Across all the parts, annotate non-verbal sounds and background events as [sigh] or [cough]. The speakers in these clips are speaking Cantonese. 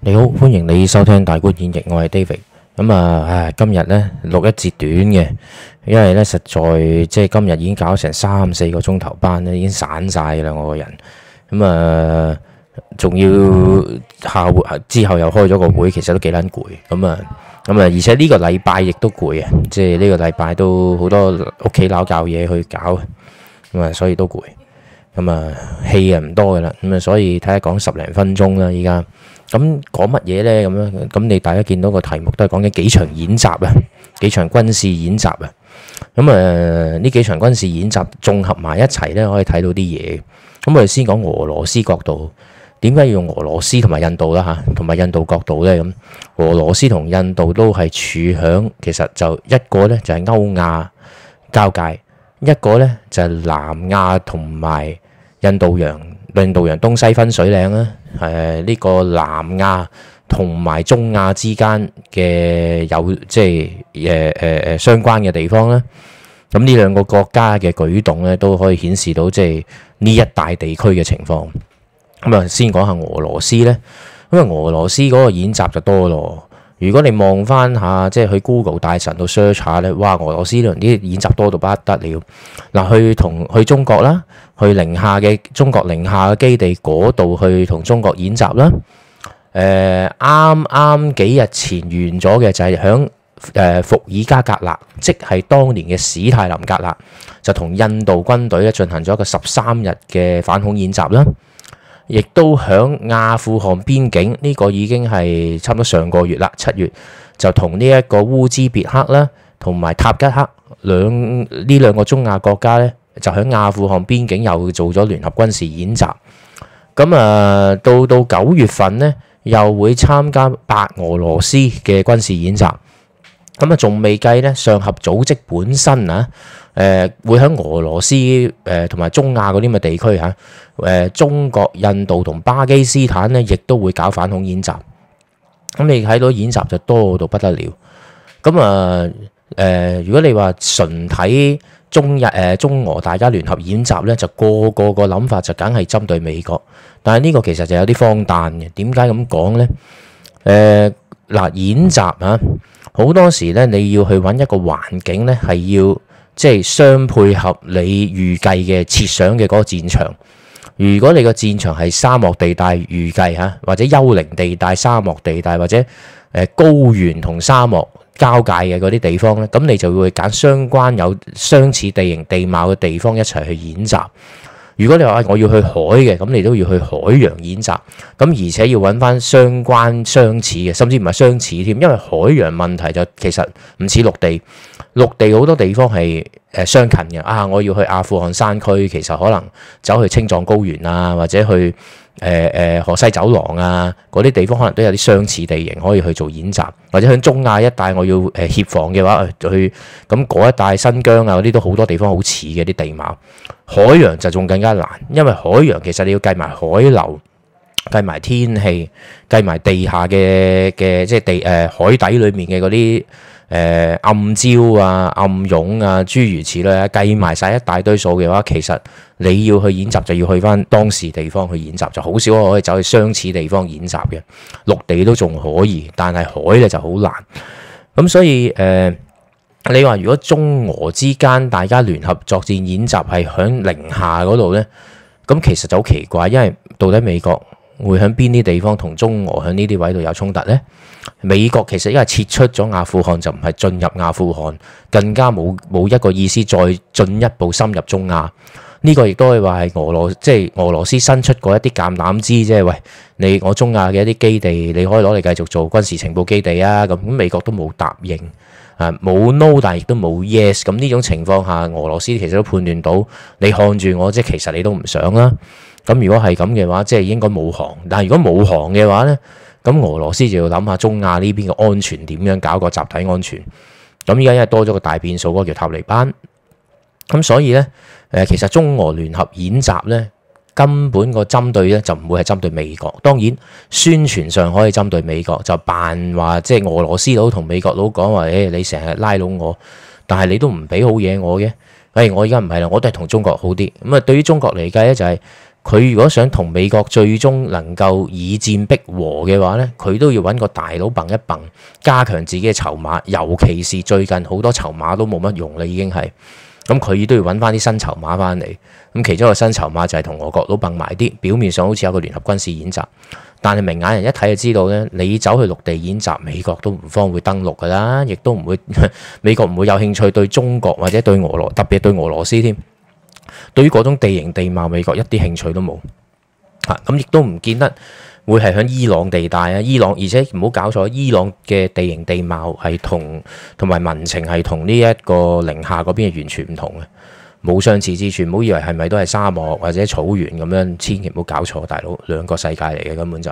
你好，歡迎你收聽《大觀演繹》，我係 David。咁啊，唉，今日呢，錄一節短嘅，因為呢實在即係今日已經搞成三四個鐘頭班咧，已經散晒啦我個人。咁啊，仲要下之後又開咗個會，其實都幾捻攰。咁啊，咁啊，而且呢個禮拜亦都攰啊，即係呢個禮拜都好多屋企鬧交嘢去搞，咁啊，所以都攰。咁啊，氣啊唔多噶啦，咁啊，所以睇下講十零分鐘啦，依家。咁講乜嘢呢？咁樣咁你大家見到個題目都係講緊幾場演習啊，幾場軍事演習啊。咁啊，呢幾場軍事演習綜合埋一齊呢，可以睇到啲嘢。咁我哋先講俄羅斯角度，點解要用俄羅斯同埋印度啦？嚇，同埋印度角度呢，咁，俄羅斯同印度都係處響，其實就一個呢，就係歐亞交界，一個呢，就係南亞同埋印度洋。印度洋東西分水嶺啊！誒、呃、呢、這個南亞同埋中亞之間嘅有即係誒誒誒相關嘅地方咧，咁呢兩個國家嘅舉動咧都可以顯示到即係呢一大地區嘅情況。咁啊，先講下俄羅斯咧，因為俄羅斯嗰個演習就多咯。如果你望翻下即係去 Google 大神度 search 下咧，哇！俄羅斯呢啲演習多到不得了。嗱，去同去中國啦。去寧夏嘅中國寧夏基地嗰度去同中國演習啦。誒，啱啱幾日前完咗嘅就係響誒伏爾加格勒，即係當年嘅史泰林格勒，就同印度軍隊咧進行咗一個十三日嘅反恐演習啦。亦都響阿富汗邊境，呢個已經係差唔多上個月啦，七月就同呢一個烏茲別克啦。同埋塔吉克兩呢兩個中亞國家咧，就喺阿富汗邊境又做咗聯合軍事演習。咁、嗯、啊，到到九月份呢，又會參加白俄羅斯嘅軍事演習。咁、嗯、啊，仲未計呢，上合組織本身啊，誒、呃、會喺俄羅斯誒同埋中亞嗰啲咁嘅地區嚇，誒、呃、中國、印度同巴基斯坦呢，亦都會搞反恐演習。咁、嗯、你睇到演習就多到不得了。咁、嗯、啊～、嗯呃誒、呃，如果你話純睇中日誒、呃、中俄大家聯合演習咧，就個個個諗法就梗係針對美國，但係呢個其實就有啲荒誕嘅。點解咁講咧？誒、呃，嗱、呃、演習啊，好多時咧，你要去揾一個環境咧，係要即係相配合你預計嘅設想嘅嗰個戰場。如果你個戰場係沙漠地帶，預計吓或者幽靈地帶、沙漠地帶或者誒、呃、高原同沙漠。交界嘅嗰啲地方呢，咁你就會揀相關有相似地形地貌嘅地方一齊去演習。如果你話啊，我要去海嘅，咁你都要去海洋演習，咁而且要揾翻相關相似嘅，甚至唔係相似添，因為海洋問題就其實唔似陸地，陸地好多地方係誒相近嘅。啊，我要去阿富汗山區，其實可能走去青藏高原啊，或者去誒誒、呃、河西走廊啊嗰啲地方，可能都有啲相似地形可以去做演習，或者喺中亞一帶，我要誒協防嘅話，去咁嗰一帶新疆啊嗰啲都好多地方好似嘅啲地貌。海洋就仲更加難，因為海洋其實你要計埋海流、計埋天氣、計埋地下嘅嘅即係地誒、呃、海底裏面嘅嗰啲誒暗礁啊、暗湧啊諸如此類，計埋晒一大堆數嘅話，其實你要去演習就要去返當時地方去演習，就好少可以走去相似地方演習嘅。陸地都仲可以，但係海咧就好難。咁所以誒。呃你話如果中俄之間大家聯合作戰演習係喺寧夏嗰度呢？咁其實就好奇怪，因為到底美國會喺邊啲地方同中俄喺呢啲位度有衝突呢？美國其實因為撤出咗阿富汗就唔係進入阿富汗，更加冇冇一個意思再進一步深入中亞。呢個亦都可以話係俄羅，即係俄羅斯伸出過一啲橄欖枝，即係喂，你我中亞嘅一啲基地你可以攞嚟繼續做軍事情報基地啊咁，美國都冇答應。啊，冇 no，但係亦都冇 yes，咁呢種情況下，俄羅斯其實都判斷到，你看住我，即係其實你都唔想啦。咁如果係咁嘅話，即係應該冇行。但係如果冇行嘅話呢，咁俄羅斯就要諗下中亞呢邊嘅安全點樣搞個集體安全。咁依家因為多咗個大變數，嗰、那個叫塔利班。咁所以呢，誒，其實中俄聯合演習呢。根本個針對咧就唔會係針對美國，當然宣傳上可以針對美國，就扮話即係俄羅斯佬同美國佬講話，誒、哎、你成日拉攏我，但係你都唔俾好嘢我嘅。誒我而家唔係啦，我都係同中國好啲。咁、嗯、啊，對於中國嚟計咧，就係佢如果想同美國最終能夠以戰逼和嘅話咧，佢都要揾個大佬揼一揼，加強自己嘅籌碼，尤其是最近好多籌碼都冇乜用啦，已經係。咁佢都要揾翻啲新籌碼翻嚟，咁其中一個新籌碼就係同俄國都掹埋啲，表面上好似有個聯合軍事演習，但係明眼人一睇就知道呢，你走去陸地演習，美國都唔方會登陸㗎啦，亦都唔會美國唔會有興趣對中國或者對俄羅特別對俄羅斯添，對於嗰種地形地貌，美國一啲興趣都冇，嚇咁亦都唔見得。會係喺伊朗地帶啊！伊朗，而且唔好搞錯，伊朗嘅地形地貌係同同埋民情係同呢一個寧夏嗰邊係完全唔同嘅，冇相似之處。唔好以為係咪都係沙漠或者草原咁樣，千祈唔好搞錯，大佬兩個世界嚟嘅根本就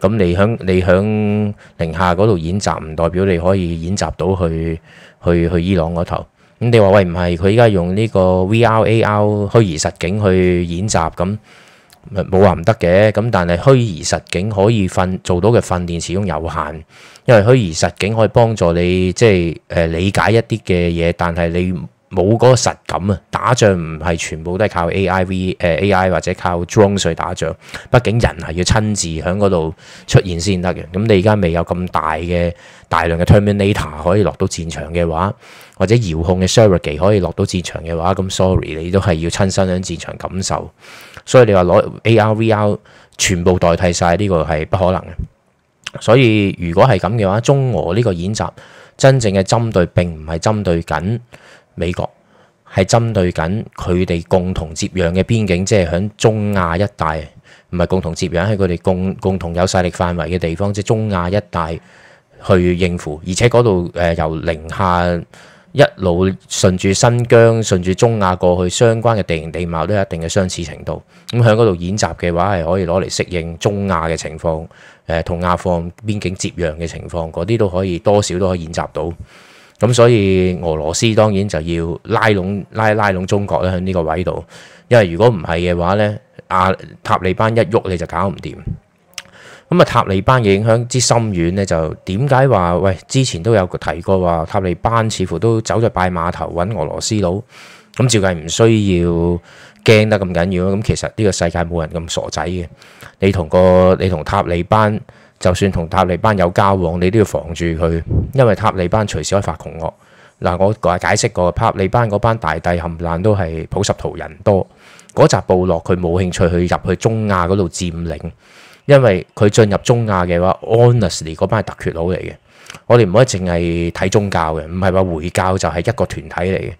咁。你響你響寧夏嗰度演習，唔代表你可以演習到去去去伊朗嗰頭。咁你話喂，唔係佢依家用呢個 VR AR 虛擬實境去演習咁？冇話唔得嘅，咁但係虛擬實境可以訓做到嘅訓練，始終有限，因為虛擬實境可以幫助你即係誒、呃、理解一啲嘅嘢，但係你冇嗰個實感啊！打仗唔係全部都係靠 A I V 誒 A I 或者靠 drones 打仗，畢竟人係要親自喺嗰度出現先得嘅。咁、嗯、你而家未有咁大嘅大量嘅 Terminator 可以落到戰場嘅話，或者遙控嘅 s e r g e r 可以落到戰場嘅話，咁 sorry 你都係要親身喺戰場感受。所以你話攞 ARVR 全部代替晒，呢個係不可能嘅。所以如果係咁嘅話，中俄呢個演習真正嘅針對並唔係針對緊美國，係針對緊佢哋共同接壤嘅邊境，即係喺中亞一帶，唔係共同接壤喺佢哋共共同有勢力範圍嘅地方，即係中亞一帶去應付，而且嗰度誒由零下。一路順住新疆，順住中亞過去，相關嘅地形地貌都有一定嘅相似程度。咁喺嗰度演習嘅話，係可以攞嚟適應中亞嘅情況，誒、呃、同阿方邊境接壤嘅情況，嗰啲都可以多少都可以演習到。咁所以俄羅斯當然就要拉攏拉拉攏中國咧，喺呢個位度，因為如果唔係嘅話呢，阿塔利班一喐你就搞唔掂。咁啊，塔利班嘅影響之深遠呢，就點解話？喂，之前都有提過話，塔利班似乎都走咗拜碼頭揾俄羅斯佬。咁、嗯、照計唔需要驚得咁緊要咁、嗯、其實呢個世界冇人咁傻仔嘅。你同個你同塔利班，就算同塔利班有交往，你都要防住佢，因為塔利班隨時可以發窮惡。嗱，我解解釋過，塔利班嗰班大帝冚唥都係普什圖人多，嗰紮部落佢冇興趣去入去中亞嗰度佔領。因為佢進入中亞嘅話，安納斯尼嗰班係突厥佬嚟嘅。我哋唔可以淨係睇宗教嘅，唔係話回教就係一個團體嚟嘅。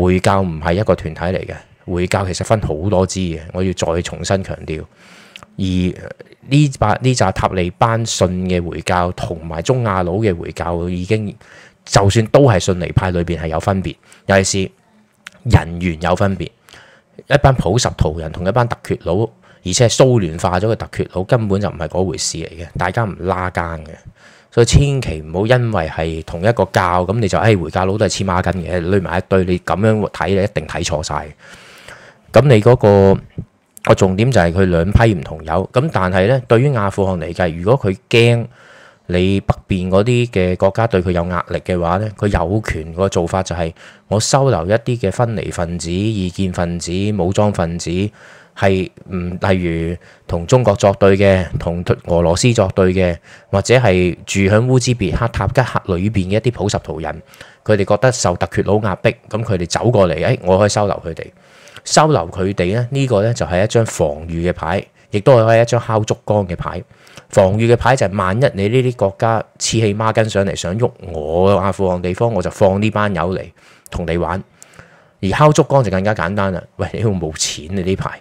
回教唔係一個團體嚟嘅，回教其實分好多支嘅。我要再重新強調，而呢把呢紮塔利班信嘅回教同埋中亞佬嘅回教已經，就算都係遜尼派裏邊係有分別，尤其是人員有分別，一班普什圖人同一班突厥佬。而且蘇聯化咗嘅突厥佬根本就唔係嗰回事嚟嘅，大家唔拉更嘅，所以千祈唔好因為係同一個教咁你就誒、哎、回教佬都係黐孖筋嘅，累埋一堆，你咁樣睇你一定睇錯晒。那那個」咁你嗰個重點就係佢兩批唔同友。咁但係呢，對於阿富汗嚟計，如果佢驚你北邊嗰啲嘅國家對佢有壓力嘅話呢，佢有權個做法就係我收留一啲嘅分離分子、異見分子、武裝分子。係唔例如同中國作對嘅，同俄羅斯作對嘅，或者係住喺烏茲別克塔吉克裏邊嘅一啲普什圖人，佢哋覺得受突厥佬壓迫，咁佢哋走過嚟，誒、哎，我可以收留佢哋。收留佢哋咧，呢、這個咧就係一張防禦嘅牌，亦都係一張敲竹槓嘅牌。防禦嘅牌就係萬一你呢啲國家黐起孖筋上嚟想喐我阿富汗地方，我就放呢班友嚟同你玩。而敲竹槓就更加簡單啦，喂，你冇錢你呢排！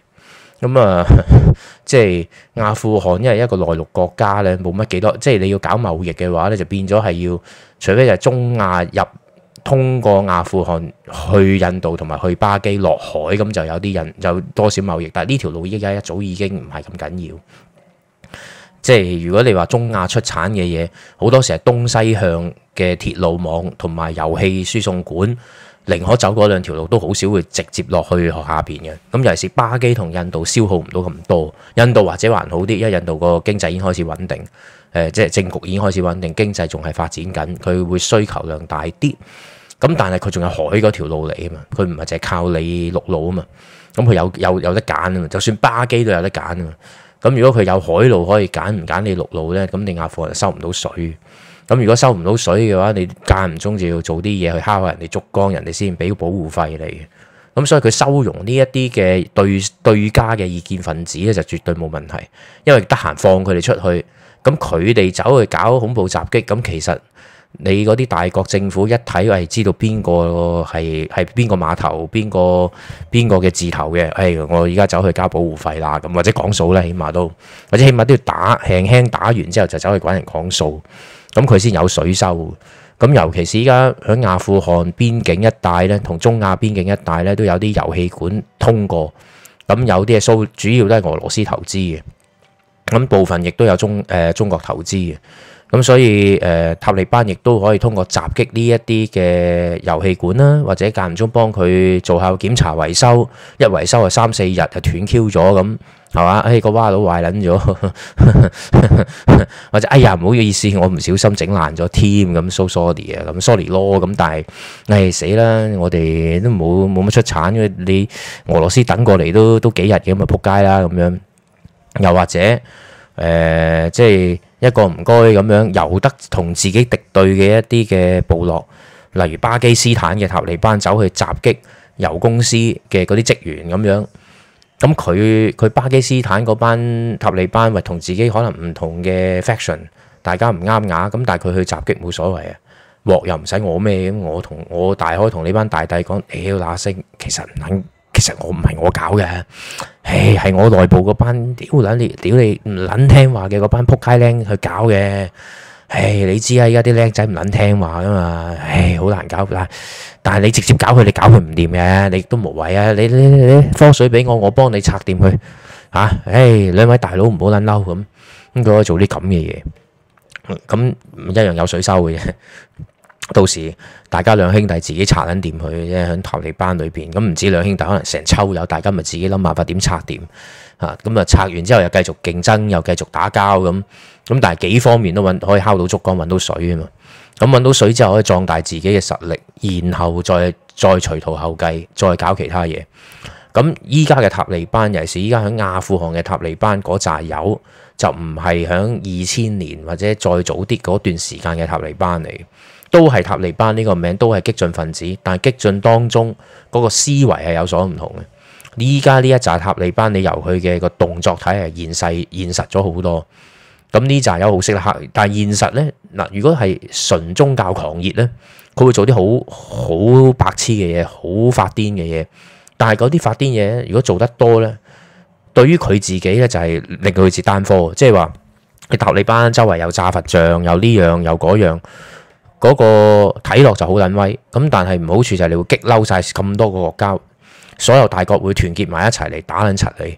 咁啊、嗯，即係阿富汗，因為一個內陸國家咧，冇乜幾多，即係你要搞貿易嘅話咧，就變咗係要，除非就係中亞入通過阿富汗去印度同埋去巴基落海，咁就有啲人有多少貿易，但係呢條路依家一早已經唔係咁緊要。即係如果你話中亞出產嘅嘢，好多時係東西向嘅鐵路網同埋油氣輸送管。寧可走嗰兩條路，都好少會直接落去下邊嘅。咁尤其是巴基同印度消耗唔到咁多，印度或者還好啲，因為印度個經濟已經開始穩定，誒、呃，即係政局已經開始穩定，經濟仲係發展緊，佢會需求量大啲。咁但係佢仲有海嗰條路嚟啊嘛，佢唔係淨係靠你陸路啊嘛。咁佢有有有得揀啊嘛，就算巴基都有得揀啊嘛。咁如果佢有海路可以揀，唔揀你陸路呢，咁你阿富汗就收唔到水。咁如果收唔到水嘅話，你間唔中就要做啲嘢去敲下人哋竹槓，人哋先俾保護費你。咁所以佢收容呢一啲嘅對對家嘅意見分子咧，就絕對冇問題，因為得閒放佢哋出去。咁佢哋走去搞恐怖襲擊，咁其實你嗰啲大國政府一睇係知道邊個係係邊個碼頭，邊個邊個嘅字頭嘅，係、哎、我而家走去交保護費啦。咁或者講數咧，起碼都或者起碼都要打輕輕打完之後就走去揾人講數。咁佢先有水收嘅，咁尤其是依家喺阿富汗邊境一帶咧，同中亞邊境一帶咧，都有啲油氣管通過，咁有啲嘅主要都係俄羅斯投資嘅，咁部分亦都有中誒、呃、中國投資嘅。咁所以誒，塔利班亦都可以通過襲擊呢一啲嘅油氣管啦，或者間唔中幫佢做下檢查維修，一維修啊三四日就斷 Q 咗咁，係嘛？誒，個挖佬壞撚咗，或者哎呀唔好意思，我唔小心整爛咗添，咁 so sorry 啊，咁 sorry 咯，咁但係唉死啦，我哋都冇冇乜出產，因為，你俄羅斯等過嚟都都幾日嘅，咁咪仆街啦咁樣，又或者誒即係。一個唔該咁樣，由得同自己敵對嘅一啲嘅部落，例如巴基斯坦嘅塔利班走去襲擊油公司嘅嗰啲職員咁樣。咁佢佢巴基斯坦嗰班塔利班或同自己可能唔同嘅 faction 大家唔啱牙咁，但係佢去襲擊冇所謂啊，鑊又唔使我咩咁，我同我大可同呢班大帝講，屌那聲，其實唔緊。其實我唔係我搞嘅，唉，係我內部嗰班屌撚你屌你唔撚聽話嘅嗰班撲街僆去搞嘅，唉，你知啊，而家啲僆仔唔撚聽話噶嘛，唉，好難搞啦。但係你直接搞佢，你搞佢唔掂嘅，你都無謂啊。你你你科水俾我，我幫你拆掂佢，吓，唉，兩位大佬唔好撚嬲咁，應該可以做啲咁嘅嘢，咁一樣有水收嘅。到時大家兩兄弟自己拆緊掂佢即係，喺塔利班裏邊咁唔知兩兄弟可能成抽友，大家咪自己諗辦法點拆掂啊！咁、嗯、啊拆完之後又繼續競爭，又繼續打交咁咁，但係幾方面都可以敲到竹竿，揾到水啊嘛！咁、啊、揾到水之後可以壯大自己嘅實力，然後再再徐圖後繼，再搞其他嘢。咁依家嘅塔利班，尤其是依家喺阿富汗嘅塔利班嗰紮友，就唔係喺二千年或者再早啲嗰段時間嘅塔利班嚟。都係塔利班呢個名，都係激進分子，但係激進當中嗰個思維係有所唔同嘅。依家呢一扎塔利班，你由佢嘅個動作睇係現世現實咗好多。咁呢扎有好色啦，但係現實呢，嗱，如果係純宗教狂熱呢，佢會做啲好好白痴嘅嘢，好發癲嘅嘢。但係嗰啲發癲嘢，如果做得多呢，對於佢自己呢，就係令佢自單科，即係話塔利班周圍有炸佛像，有呢樣又嗰樣。嗰個睇落就好撚威，咁但係唔好處就係你會激嬲晒咁多個國家，所有大國會團結埋一齊嚟打撚柒你，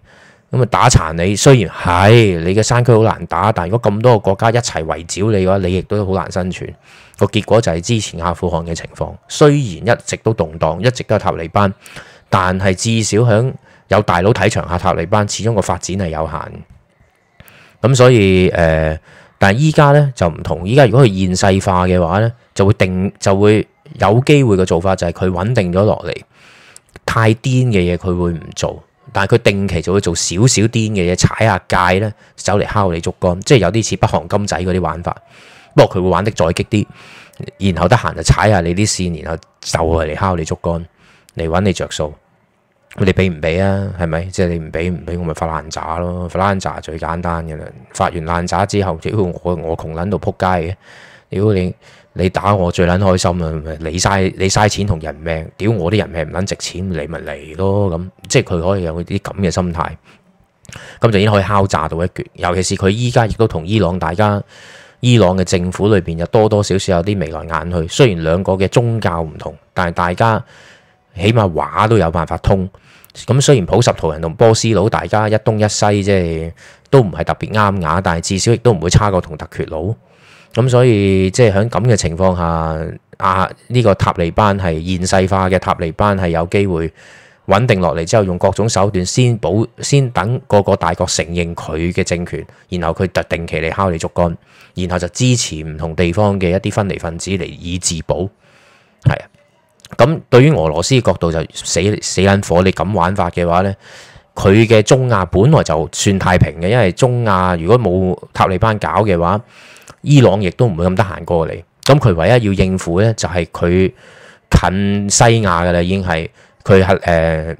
咁啊打殘你。雖然係你嘅山區好難打，但係如果咁多個國家一齊圍剿你嘅話，你亦都好難生存。個結果就係之前阿富汗嘅情況，雖然一直都動盪，一直都係塔利班，但係至少響有大佬睇場下塔利班，始終個發展係有限。咁所以誒。呃但係依家咧就唔同，依家如果佢現世化嘅話咧，就會定就會有機會嘅做法就係佢穩定咗落嚟，太癲嘅嘢佢會唔做，但係佢定期就會做少少癲嘅嘢，踩下界咧走嚟敲你竹竿，即係有啲似北韓金仔嗰啲玩法，不過佢會玩得再激啲，然後得閒就踩下你啲線，然後就嚟敲你竹竿，嚟揾你着數。你俾唔俾啊？係咪？即係你唔俾唔俾，我咪發爛渣咯？發爛渣最簡單嘅啦。發完爛渣之後，屌我我窮撚到撲街嘅。屌你你打我最撚開心啊！你嘥你嘥錢同人命，屌我啲人命唔撚值錢，你咪嚟咯咁。即係佢可以有啲咁嘅心態，咁就已經可以敲詐到一橛。尤其是佢依家亦都同伊朗大家，伊朗嘅政府裏邊有多多少少有啲眉來眼去。雖然兩個嘅宗教唔同，但係大家起碼話都有辦法通。咁雖然普什圖人同波斯佬大家一東一西，即係都唔係特別啱牙，但係至少亦都唔會差過同突厥佬。咁所以即係喺咁嘅情況下，阿、啊、呢、這個塔利班係現世化嘅塔利班係有機會穩定落嚟之後，用各種手段先保，先等各個大國承認佢嘅政權，然後佢就定期嚟敲你竹竿，然後就支持唔同地方嘅一啲分離分子嚟以自保，係啊。咁對於俄羅斯嘅角度就死死撚火，你咁玩法嘅話呢，佢嘅中亞本來就算太平嘅，因為中亞如果冇塔利班搞嘅話，伊朗亦都唔會咁得閒過嚟。咁佢唯一要應付呢，就係佢近西亞嘅啦，已經係佢係誒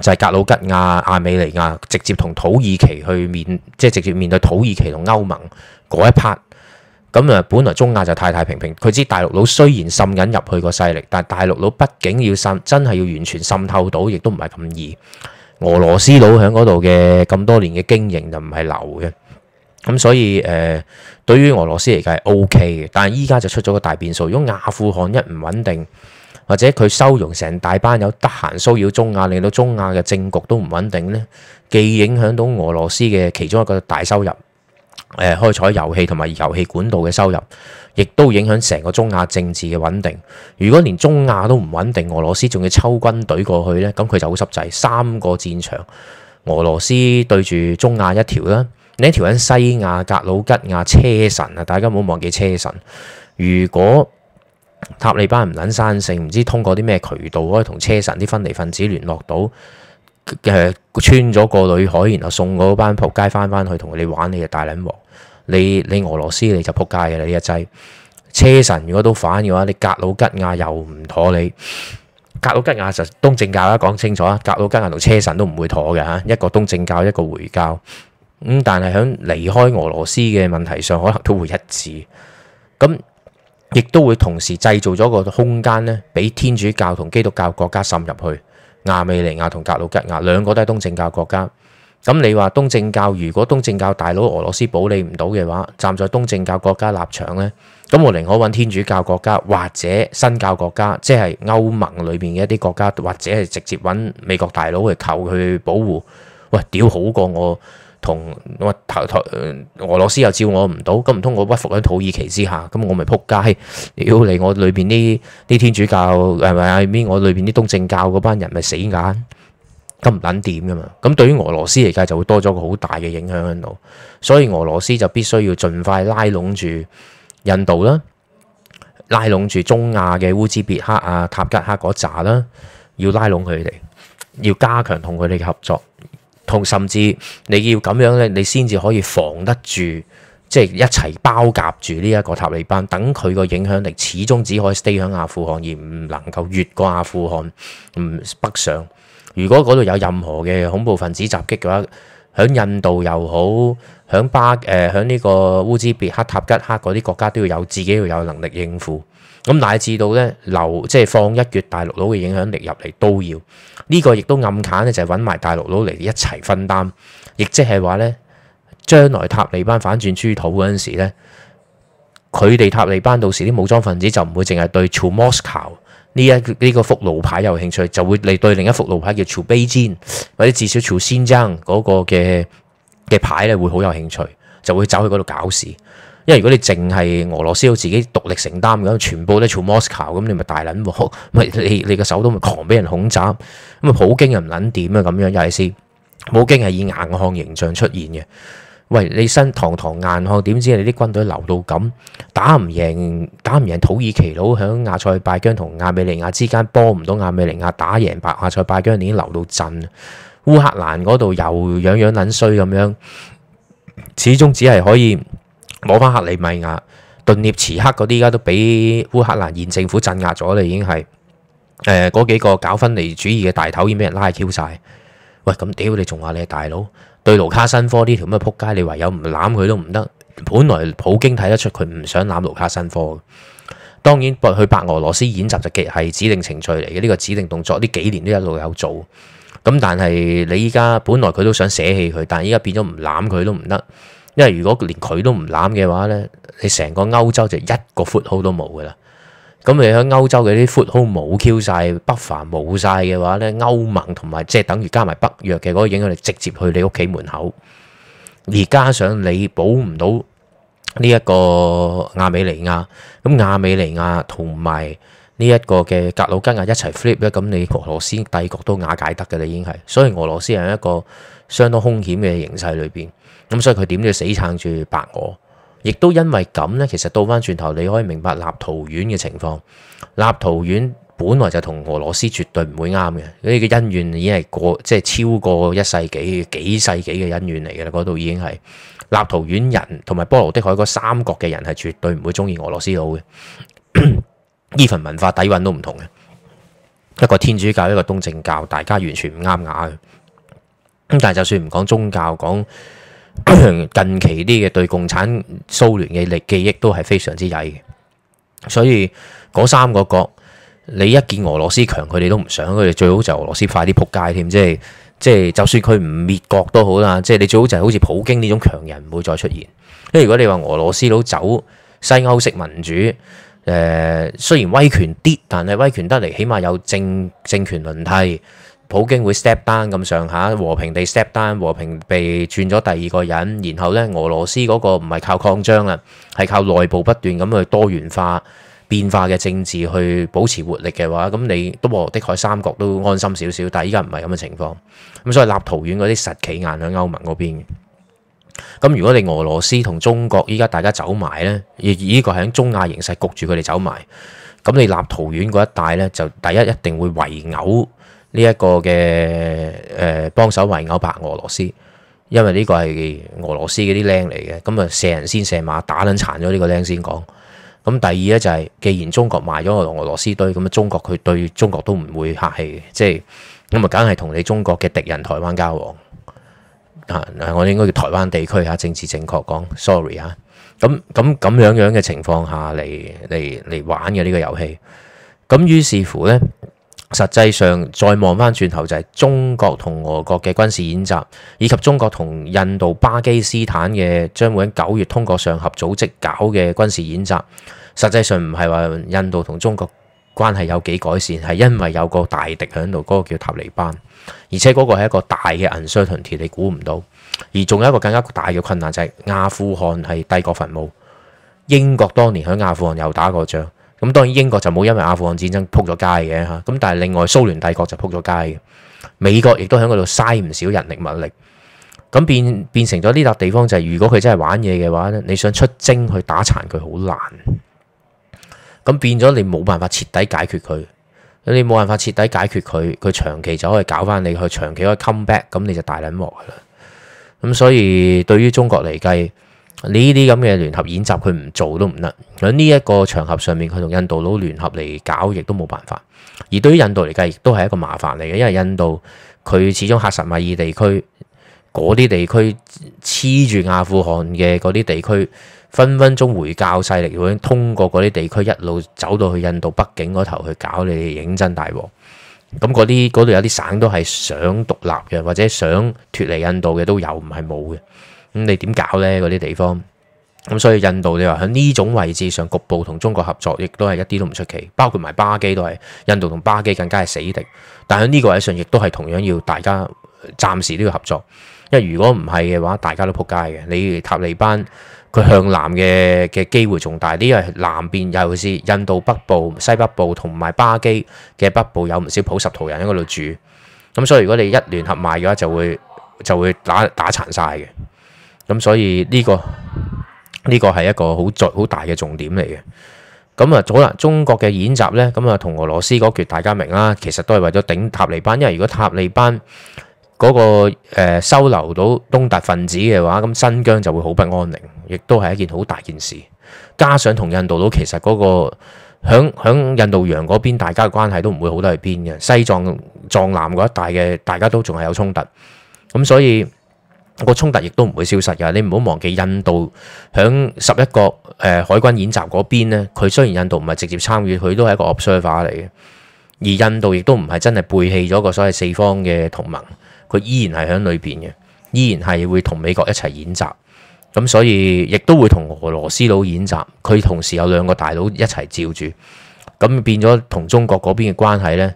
就係格魯吉亞、亞美尼亞，直接同土耳其去面，即係直接面對土耳其同歐盟嗰一 part。咁啊，本來中亞就太太平平。佢知大陸佬雖然滲緊入去個勢力，但係大陸佬畢竟要滲，真係要完全滲透到，亦都唔係咁易。俄羅斯佬喺嗰度嘅咁多年嘅經營就唔係流嘅。咁、嗯、所以誒、呃，對於俄羅斯嚟計係 OK 嘅，但係依家就出咗個大變數。如果阿富汗一唔穩定，或者佢收容成大班有得閒騷擾中亞，令到中亞嘅政局都唔穩定呢，既影響到俄羅斯嘅其中一個大收入。誒，開採油氣同埋油氣管道嘅收入，亦都影響成個中亞政治嘅穩定。如果連中亞都唔穩定，俄羅斯仲要抽軍隊過去呢，咁佢就好濕滯。三個戰場，俄羅斯對住中亞一條啦，另一條喺西亞格魯吉亞車臣啊，大家唔好忘記車臣。如果塔利班唔捻生性，唔知通過啲咩渠道可以同車臣啲分離分子聯絡到。誒，穿咗個里海，然後送嗰班仆街翻返去同你玩你嘅大捻鑊，你你俄羅斯你就仆街嘅啦呢一劑。車臣如果都反嘅話，你格魯吉亞又唔妥你。格魯吉亞就東正教啦，講清楚啊，格魯吉亞同車臣都唔會妥嘅吓，一個東正教，一個回教。咁、嗯、但係喺離開俄羅斯嘅問題上，可能都會一致。咁亦都會同時製造咗個空間呢，俾天主教同基督教國家滲入去。亞美尼亞同格魯吉亞兩個都係東正教國家，咁你話東正教，如果東正教大佬俄羅斯保你唔到嘅話，站在東正教國家立場呢，咁我寧可揾天主教國家或者新教國家，即係歐盟裏面嘅一啲國家，或者係直接揾美國大佬去求佢保護，喂，屌好過我。同我台俄羅斯又照我唔到，咁唔通我屈服喺土耳其之下，咁我咪仆街。要嚟我裏邊啲呢天主教係咪？我裏邊啲東正教嗰班人咪死眼，咁唔撚掂㗎嘛。咁對於俄羅斯嚟計，就會多咗個好大嘅影響喺度。所以俄羅斯就必須要盡快拉攏住印度啦，拉攏住中亞嘅烏茲別克啊、塔吉克嗰扎啦，要拉攏佢哋，要加強同佢哋嘅合作。同甚至你要咁樣咧，你先至可以防得住，即係一齊包夾住呢一個塔利班，等佢個影響力始終只可以 stay 響阿富汗，而唔能夠越過阿富汗，唔北上。如果嗰度有任何嘅恐怖分子襲擊嘅話，喺印度又好，喺巴誒喺呢個烏茲別克塔吉克嗰啲國家都要有自己，要有能力應付。咁乃至到咧留即係放一厥大陸佬嘅影響力入嚟都要，呢、這個亦都暗揀咧就係揾埋大陸佬嚟一齊分擔，亦即係話咧，將來塔利班反轉豬肚嗰陣時咧，佢哋塔利班到時啲武裝分子就唔會淨係對朝莫斯科呢一呢個幅路牌有興趣，就會嚟對另一幅路牌叫朝北京或者至少朝新疆嗰個嘅嘅牌咧會好有興趣，就會走去嗰度搞事。因為如果你淨係俄羅斯要自己獨立承擔咁，全部都朝 Moscow 咁，你咪大捻鑊，咪你你個首都咪狂俾人恐襲咁啊！普京又唔捻掂啊？咁樣又係先，普京係以硬漢形象出現嘅。喂，你身堂堂硬漢，點知你啲軍隊流到咁打唔贏，打唔贏，贏土耳其佬，響亞塞拜疆同亞美尼亞之間幫唔到亞美尼亞打贏白亞塞拜疆，已經流到震烏克蘭嗰度又樣樣捻衰咁樣，始終只係可以。攞翻克里米亞、頓涅茨克嗰啲，而家都俾烏克蘭現政府鎮壓咗啦，已經係誒嗰幾個搞分離主義嘅大頭，已經俾人拉 Q 晒。喂，咁屌你仲話你係大佬？對盧卡申科呢條咩撲街？你唯有唔攬佢都唔得。本來普京睇得出佢唔想攬盧卡申科嘅。當然，去白俄羅斯演習就係指定程序嚟嘅，呢個指定動作，呢幾年都一路有做。咁但係你依家本來佢都想捨棄佢，但係依家變咗唔攬佢都唔得。因為如果連佢都唔攬嘅話呢，你成個歐洲就一個 foothold 都冇噶啦。咁你喺歐洲嘅啲 foothold 冇 Q 晒，北伐冇晒嘅話呢，歐盟同埋即係等於加埋北約嘅嗰個影響力直接去你屋企門口。而加上你保唔到呢一個亞美尼亞，咁亞美尼亞同埋呢一個嘅格魯吉亞一齊 flip 咧，咁你俄羅斯帝國都瓦解得噶啦，已經係。所以俄羅斯係一個相當兇險嘅形勢裏邊。咁所以佢點都要死撐住白俄，亦都因為咁呢，其實倒翻轉頭，你可以明白立陶宛嘅情況。立陶宛本來就同俄羅斯絕對唔會啱嘅，所以嘅恩怨已經係過即係超過一世紀、幾世紀嘅恩怨嚟嘅啦。嗰度已經係立陶宛人同埋波羅的海嗰三國嘅人係絕對唔會中意俄羅斯佬嘅。呢份 [coughs] 文化底蘊都唔同嘅，一個天主教，一個東正教，大家完全唔啱眼。咁但係就算唔講宗教，講近期啲嘅對共產蘇聯嘅力記憶都係非常之曳嘅，所以嗰三個國，你一見俄羅斯強，佢哋都唔想，佢哋最好就俄羅斯快啲仆街添，即係即係，就算佢唔滅國都好啦，即係你最好就係好似普京呢種強人唔會再出現，因為如果你話俄羅斯佬走西歐式民主，誒、呃、雖然威權啲，但係威權得嚟起碼有政政權輪替。普京會 step down 咁上下，和平地 step down，和平地轉咗第二個人，然後呢，俄羅斯嗰個唔係靠擴張啦，係靠內部不斷咁去多元化變化嘅政治去保持活力嘅話，咁你都波羅的海三國都安心少少，但係依家唔係咁嘅情況。咁所以立陶宛嗰啲實企硬喺歐盟嗰邊嘅。咁如果你俄羅斯同中國依家大家走埋呢，而呢個喺中亞形勢焗住佢哋走埋，咁你立陶宛嗰一帶呢，就第一一定會圍毆。呢一個嘅誒幫手圍毆白俄羅斯，因為呢個係俄羅斯嗰啲僆嚟嘅，咁、嗯、啊射人先射馬，打撚殘咗呢個僆先講。咁、嗯、第二咧就係、是，既然中國賣咗我俄羅斯對，咁啊中國佢對中國都唔會客氣嘅，即係咁啊梗係同你中國嘅敵人台灣交往。啊、嗯，我應該叫台灣地區嚇政治正確講，sorry 嚇、嗯。咁咁咁樣樣嘅情況下嚟嚟嚟玩嘅呢、這個遊戲，咁、嗯、於是乎咧。實際上，再望翻轉頭就係、是、中國同俄國嘅軍事演習，以及中國同印度、巴基斯坦嘅將會喺九月通過上合組織搞嘅軍事演習。實際上唔係話印度同中國關係有幾改善，係因為有個大敵喺度，嗰、那個叫塔利班，而且嗰個係一個大嘅 uncertainty 你估唔到。而仲有一個更加大嘅困難就係、是、阿富汗係帝國墳墓，英國當年喺阿富汗又打過仗。咁當然英國就冇因為阿富汗戰爭撲咗街嘅嚇，咁但係另外蘇聯帝國就撲咗街嘅，美國亦都喺嗰度嘥唔少人力物力，咁變變成咗呢笪地方就係如果佢真係玩嘢嘅話咧，你想出征去打殘佢好難，咁變咗你冇辦法徹底解決佢，你冇辦法徹底解決佢，佢長期就可以搞翻你，佢長期可以 come back，咁你就大撚鑊㗎啦，咁所以對於中國嚟計。呢啲咁嘅聯合演習，佢唔做都唔得。喺呢一個場合上面，佢同印度佬聯合嚟搞，亦都冇辦法。而對於印度嚟計，亦都係一個麻煩嚟嘅，因為印度佢始終喀什米爾地區嗰啲地區黐住阿富汗嘅嗰啲地區，分分鐘回教勢力會通過嗰啲地區一路走到去印度北境嗰頭去搞你哋，認真大鑊。咁嗰啲嗰度有啲省都係想獨立嘅，或者想脫離印度嘅都有，唔係冇嘅。咁你點搞呢？嗰啲地方咁，所以印度你話喺呢種位置上局部同中國合作，亦都係一啲都唔出奇。包括埋巴基都係印度同巴基更加係死敵，但喺呢個位置上，亦都係同樣要大家暫時都要合作，因為如果唔係嘅話，大家都撲街嘅。你塔利班佢向南嘅嘅機會仲大啲，因為南邊尤其是印度北部、西北部同埋巴基嘅北部有唔少普什圖人喺嗰度住，咁所以如果你一聯合埋嘅話就，就會就會打打殘晒嘅。咁所以呢、這個呢、這個係一個好重好大嘅重點嚟嘅。咁啊，好啦，中國嘅演習呢，咁啊同俄羅斯嗰個大家明啦，其實都係為咗頂塔利班。因為如果塔利班嗰、嗰個、呃、收留到東突分子嘅話，咁新疆就會好不安寧，亦都係一件好大件事。加上同印度佬其實嗰、嗰個響響印度洋嗰邊，大家嘅關係都唔會好得去邊嘅。西藏藏南嗰一帶嘅大家都仲係有衝突，咁所以。個衝突亦都唔會消失㗎，你唔好忘記印度響十一國誒海軍演習嗰邊咧，佢雖然印度唔係直接參與，佢都係一個 observer 嚟嘅。而印度亦都唔係真係背棄咗個所謂四方嘅同盟，佢依然係喺裏邊嘅，依然係會同美國一齊演習。咁所以亦都會同俄羅斯佬演習，佢同時有兩個大佬一齊照住，咁變咗同中國嗰邊嘅關係咧，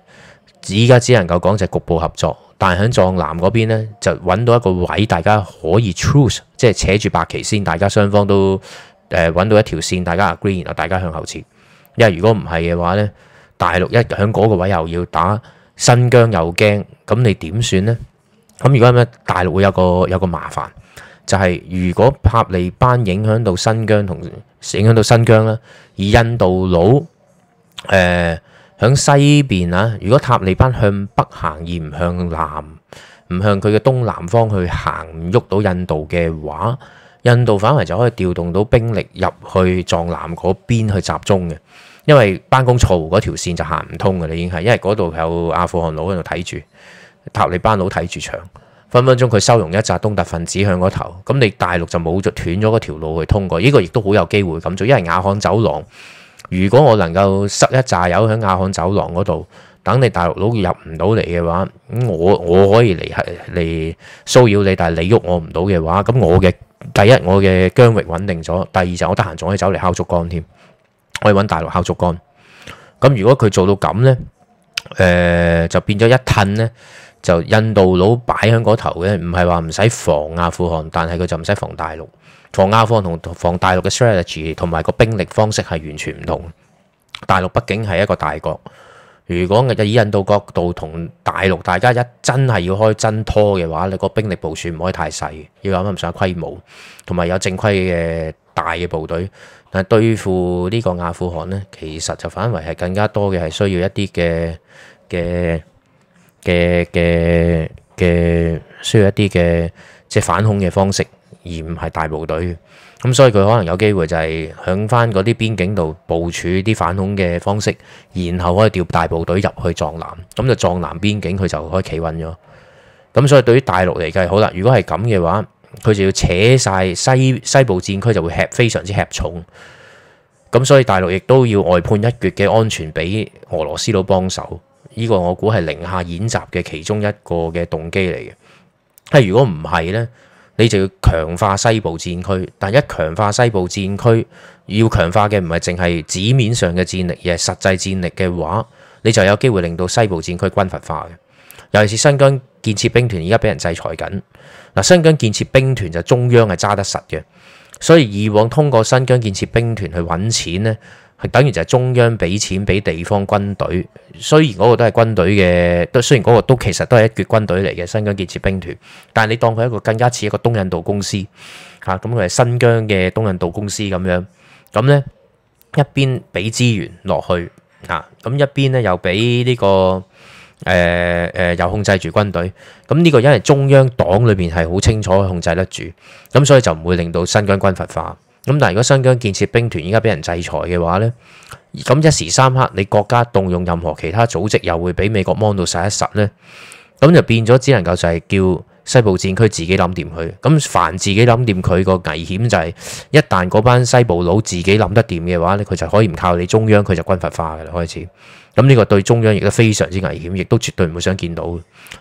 依家只能夠講就局部合作。但係喺藏南嗰邊咧，就揾到一個位，大家可以 truce，即係扯住白旗先，大家雙方都誒揾、呃、到一條線，大家 agree，然後大家向後撤。因為如果唔係嘅話咧，大陸一喺嗰個位又要打新疆又驚，咁你點算咧？咁如果係咩，大陸會有個有個麻煩，就係、是、如果塔利班影響到新疆同影響到新疆咧，而印度佬誒。呃喺西邊啊！如果塔利班向北行而唔向南，唔向佢嘅東南方去行，喐到印度嘅話，印度反而就可以調動到兵力入去藏南嗰邊去集中嘅。因為班公錯湖嗰條線就行唔通㗎喇，已經係，因為嗰度有阿富汗佬喺度睇住，塔利班佬睇住場，分分鐘佢收容一紮東突分子向嗰頭，咁你大陸就冇咗斷咗嗰條路去通過。呢個亦都好有機會咁做，因為瓦罕走廊。如果我能夠塞一炸油喺瓦罕走廊嗰度，等你大陸佬入唔到嚟嘅話，咁我我可以嚟係嚟騷擾你，但係你喐我唔到嘅話，咁我嘅第一我嘅疆域穩定咗，第二就我得閒仲可以走嚟敲竹槓添，可以揾大陸敲竹槓。咁如果佢做到咁呢，誒、呃、就變咗一褪呢，就印度佬擺喺嗰頭嘅，唔係話唔使防阿富汗，但係佢就唔使防大陸。防阿富汗同防大陸嘅 strategy 同埋個兵力方式係完全唔同。大陸畢竟係一個大國，如果日以印度角度同大陸大家一真係要開真拖嘅話，你個兵力部署唔可以太細，要諗唔上規模，同埋有正規嘅大嘅部隊。但係對付呢個阿富汗呢，其實就反而係更加多嘅，係需要一啲嘅嘅嘅嘅嘅需要一啲嘅即係反恐嘅方式。而唔係大部隊，咁所以佢可能有機會就係響翻嗰啲邊境度部署啲反恐嘅方式，然後可以調大部隊入去藏南，咁就藏南邊境佢就開始企穩咗。咁所以對於大陸嚟計，好啦，如果係咁嘅話，佢就要扯晒西西部戰區就會吃非常之吃重。咁所以大陸亦都要外判一橛嘅安全俾俄羅斯佬幫手，呢、呢個我估係寧夏演習嘅其中一個嘅動機嚟嘅。係如果唔係呢？你就要強化西部戰區，但一強化西部戰區，要強化嘅唔係淨係紙面上嘅戰力，而係實際戰力嘅話，你就有機會令到西部戰區軍閥化嘅。尤其是新疆建設兵團而家俾人制裁緊，嗱，新疆建設兵團就中央係揸得實嘅，所以以往通過新疆建設兵團去揾錢呢。等於就係中央俾錢俾地方軍隊，雖然嗰個都係軍隊嘅，都雖然嗰個都其實都係一橛軍隊嚟嘅新疆建設兵團，但係你當佢一個更加似一個東印度公司吓，咁佢係新疆嘅東印度公司咁樣，咁呢一邊俾資源落去啊，咁一邊呢又俾呢、這個誒誒、呃呃、又控制住軍隊，咁、啊、呢、這個因為中央黨裏面係好清楚控制得住，咁所以就唔會令到新疆軍閥化。咁但係如果新疆建設兵團依家俾人制裁嘅話呢，咁一時三刻你國家動用任何其他組織，又會俾美國 mon 到實一實呢，咁就變咗只能夠就係叫西部戰區自己諗掂佢。咁凡自己諗掂佢個危險就係一旦嗰班西部佬自己諗得掂嘅話呢，佢就可以唔靠你中央，佢就軍閥化噶啦。開始咁呢個對中央亦都非常之危險，亦都絕對唔會想見到。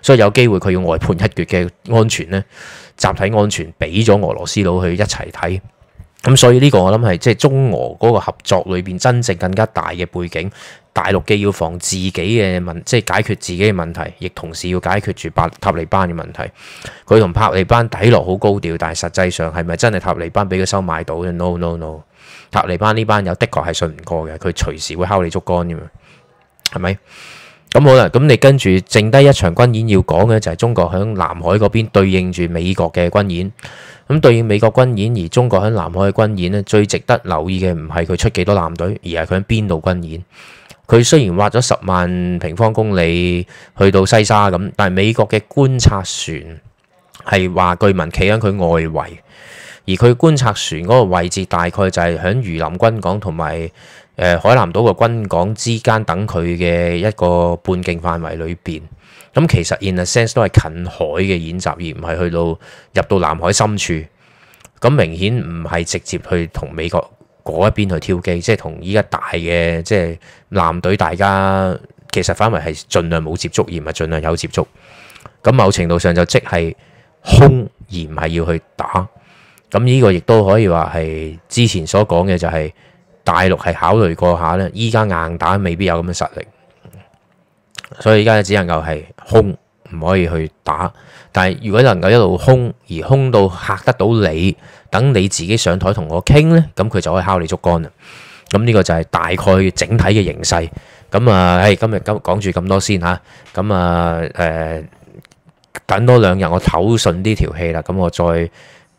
所以有機會佢要外判一決嘅安全呢，集體安全俾咗俄羅斯佬去一齊睇。咁、嗯、所以呢個我諗係即係中俄嗰個合作裏邊真正更加大嘅背景，大陸既要防自己嘅問，即係解決自己嘅問題，亦同時要解決住塔利班嘅問題。佢同塔利班睇落好高調，但係實際上係咪真係塔利班俾佢收買到 No no no，塔利班呢班友的確係信唔過嘅，佢隨時會敲你竹竿嘅嘛，係咪？咁好啦，咁你跟住剩低一場軍演要講嘅就係中國響南海嗰邊對應住美國嘅軍演，咁對應美國軍演而中國響南海嘅軍演呢，最值得留意嘅唔係佢出幾多艦隊，而係佢喺邊度軍演。佢雖然挖咗十萬平方公里去到西沙咁，但係美國嘅觀察船係話據聞企喺佢外圍，而佢觀察船嗰個位置大概就係響榆林軍港同埋海南島個軍港之間等佢嘅一個半徑範圍裏邊，咁其實 in a sense 都係近海嘅演習，而唔係去到入到南海深處。咁明顯唔係直接去同美國嗰一邊去挑機，即係同依家大嘅即係艦隊大家其實反為係盡量冇接觸，而唔係盡量有接觸。咁某程度上就即係空而唔係要去打。咁呢個亦都可以話係之前所講嘅就係、是。大陸係考慮過下咧，依家硬打未必有咁嘅實力，所以依家只能夠係空，唔可以去打。但係如果能夠一路空，而空到嚇得到你，等你自己上台同我傾呢，咁佢就可以敲你竹竿啦。咁呢個就係大概整體嘅形勢。咁啊，唉，今日今講住咁多先嚇。咁啊，誒、呃，等多兩日我唞順啲條氣啦。咁我再。